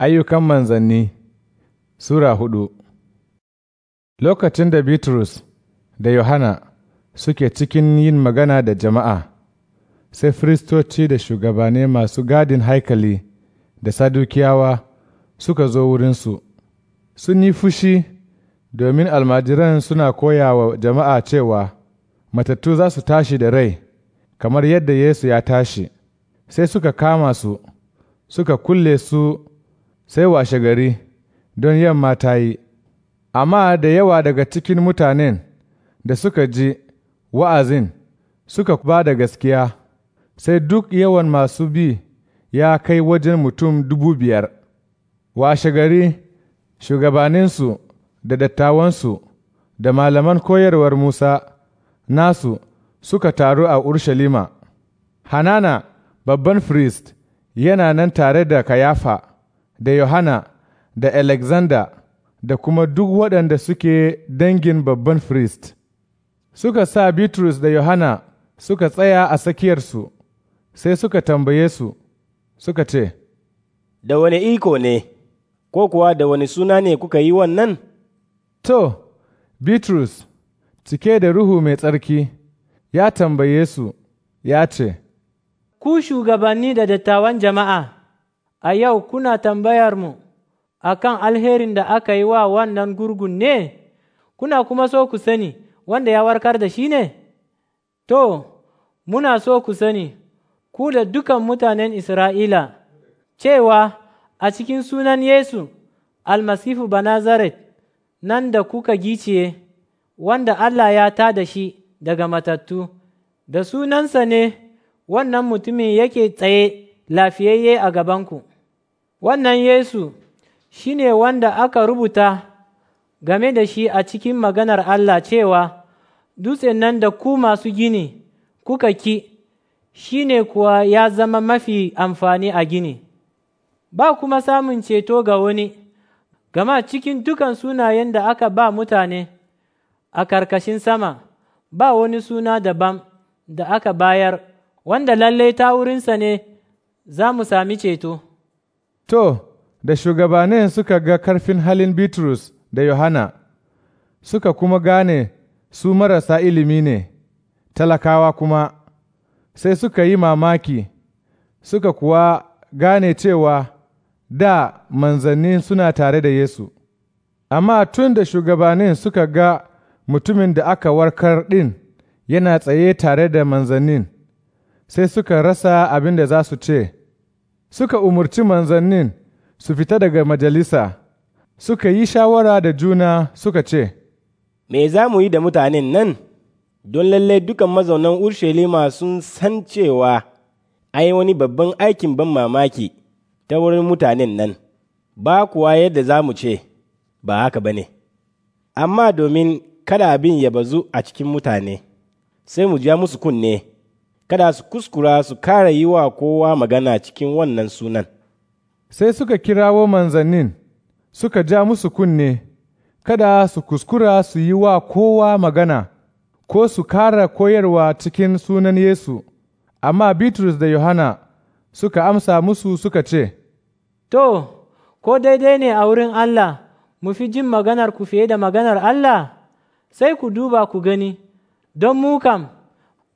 Ayyukan manzanni Sura hudu Lokacin da Bitrus da Yohana suke cikin yin magana da jama'a, sai firistoci da shugabanai masu gadin haikali da sadukiyawa suka zo wurinsu. Sun yi fushi domin almajiran suna koya wa jama'a cewa matattu za su tashi da rai, kamar yadda Yesu ya tashi, sai suka kama su, suka kulle su sai washe gari don yamma ta yi, amma da yawa daga cikin mutanen da suka ji wa'azin suka ba da gaskiya, sai duk yawan masu bi ya kai wajen mutum dubu biyar. washe gari shugabaninsu da dattawansu da malaman koyarwar Musa nasu suka taru a Urshalima. Hanana babban firist yana nan tare da Kayafa. da Yohana da Alexander da kuma duk waɗanda suke dangin babban firist. Suka sa Bitrus da Yohana suka tsaya a tsakiyarsu, sai suka tambaye su, suka ce, Da wani iko ne, ko kuwa da wani suna ne kuka yi wannan? To, Bitrus, cike da Ruhu mai tsarki, ya tambaye su, ya ce, Ku shugabanni da dattawan jama'a. a yau kuna tambayar mu kan alherin da aka yi wa wannan gurgun ne kuna kuma so ku sani wanda ya warkar da shi ne to muna so ku sani ku da dukan mutanen isra'ila cewa a cikin sunan yesu almasifu banazaret nan da kuka giciye wanda allah ya ta da shi daga matattu da sunansa ne wannan mutumin yake tsaye lafiyayye a gabanku Wannan Yesu shi ne wanda aka rubuta game da shi a cikin maganar Allah cewa, Dutsen nan da ku masu gini kuka ki, shi ne kuwa ya zama mafi amfani a gini, ba kuma samun ceto ga wani, gama cikin dukan sunayen da aka ba mutane a karkashin sama, ba wani suna daban da aka bayar, wanda lallai ta wurinsa ne za mu sami ceto. To, da shugabanin suka ga karfin halin Bitrus da Yohana, suka kuma gane su marasa ilimi ne, talakawa kuma, sai suka yi mamaki, suka kuwa gane cewa da manzanni suna tare da Yesu. Amma tun da shugabannin suka ga mutumin da aka warkar ɗin yana tsaye tare da manzannin, sai suka rasa abin da za su ce. suka umarci manzannin su fita daga majalisa, suka yi shawara da juna suka ce, Me za mu yi da mutanen nan? Don lalle dukan mazaunan Urshelima sun san cewa ai wani babban aikin ban mamaki ta wurin mutanen nan, ba kuwa yadda za mu ce, ba haka ba ne. Amma domin kada abin ya bazu a cikin mutane, sai mu ja musu kunne. kada su kuskura su kara yi wa kowa magana cikin wannan sunan. Sai suka kirawo manzannin, suka ja musu kunne, kada su kuskura su yi wa kowa magana, ko su kara koyarwa cikin sunan Yesu, amma Bitrus da Yohana suka amsa musu suka ce, To, ko daidai ne a wurin Allah, mu fi jin maganar ku fiye da maganar Allah, sai ku duba ku gani, don mu kam.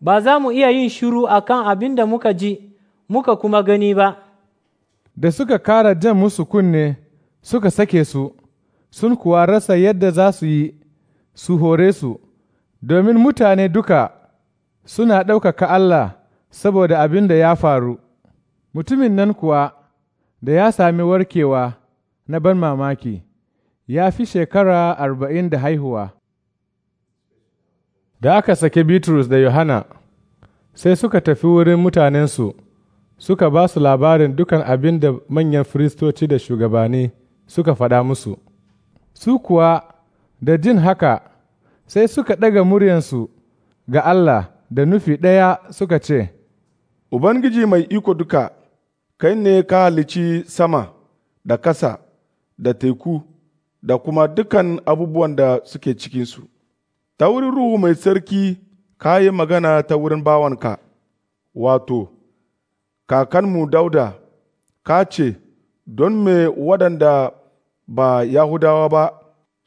ba za mu iya yin shiru a kan abin da muka ji muka kuma gani ba. Da suka kara jan musu kunne suka sake su, sun kuwa rasa yadda za su yi su hore su, domin mutane duka suna ɗaukaka Allah saboda abin da ya faru. Mutumin nan kuwa da ya sami warkewa na ban mamaki, ya fi shekara arba'in da haihuwa. Da aka sake Bitrus da Yohana, sai suka tafi wurin mutanensu, suka ba su labarin dukan abin da manyan firistoci da shugabani suka faɗa musu. Su kuwa da jin haka, sai suka ɗaga muryansu ga Allah da nufi ɗaya suka ce, Ubangiji mai iko duka, kai ne ka halici sama da ƙasa da teku da kuma dukan abubuwan da suke cikinsu. ta wurin Ruhu mai tsarki ka yi magana ta wurin bawanka, wato, kakanmu dauda, ka ce, don me waɗanda ba Yahudawa ba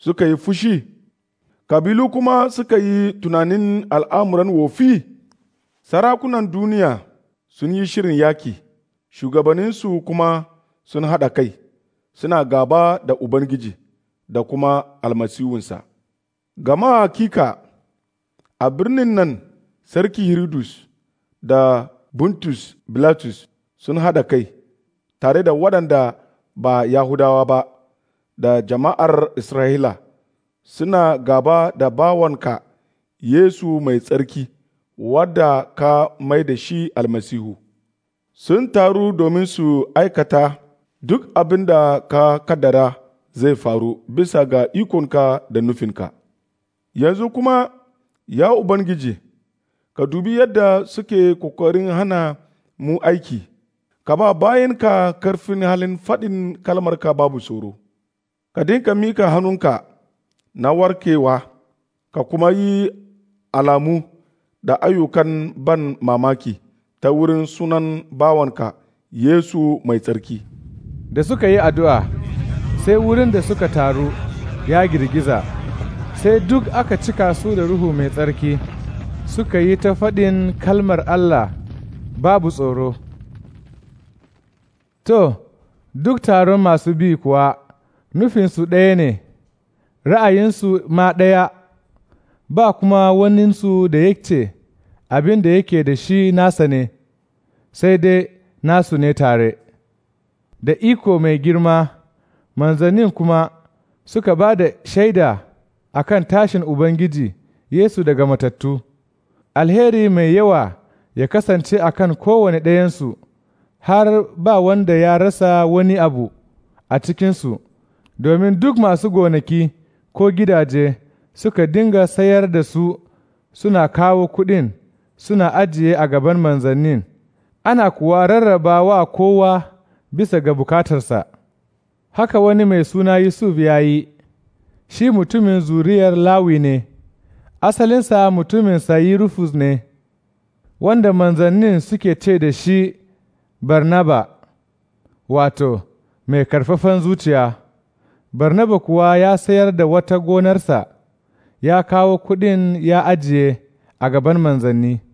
suka yi fushi, kabilu kuma suka yi tunanin al'amuran wofi, sarakunan duniya sun yi shirin yaki, shugabanninsu kuma sun haɗa kai, suna gaba da Ubangiji da kuma almasiwunsa. Gama hakika a birnin nan Sarki Hiridus da Buntus Bilatus sun haɗa kai tare da waɗanda ba Yahudawa ba da jama'ar Isra'ila suna gaba da bawanka Yesu mai tsarki wadda ka mai da shi almasihu. Sun taru domin su aikata duk abin da ka kaddara zai faru bisa ga ikonka da nufinka. Yanzu kuma, ya Ubangiji, ka dubi yadda suke kokarin hana mu aiki, ka ba bayan ka karfin halin faɗin kalmarka babu tsoro, ka dinka mika hannunka na warkewa, ka kuma yi alamu da ayyukan ban mamaki ta wurin sunan bawanka Yesu mai tsarki. Da suka yi addu'a, sai wurin da suka taru ya girgiza. sai duk aka cika su da Ruhu mai tsarki, suka yi ta faɗin kalmar Allah babu tsoro. To, duk taron masu bi kuwa nufinsu ɗaya ne, ra'ayinsu ma ɗaya, ba kuma waninsu da yake abin da yake da shi nasa ne, sai dai nasu ne tare. Da iko mai girma, manzannin kuma suka ba da shaida a kan tashin Ubangiji Yesu daga matattu, alheri mai yawa ya kasance a kan kowane ɗayensu, har ba wanda ya rasa wani abu a cikinsu, domin duk masu gonaki ko gidaje suka dinga sayar da su suna kawo kuɗin suna ajiye a gaban manzannin, ana kuwa rarraba wa kowa bisa ga bukatarsa. Haka wani mai suna Yusuf ya yi. shi mutumin zuriyar Lawi ne, asalinsa mutumin Sayirufus ne, wanda manzannin suke ce da shi Barnaba, wato, mai karfafan zuciya. Barnaba kuwa ya sayar da wata gonarsa, ya kawo kuɗin ya ajiye a gaban manzanni.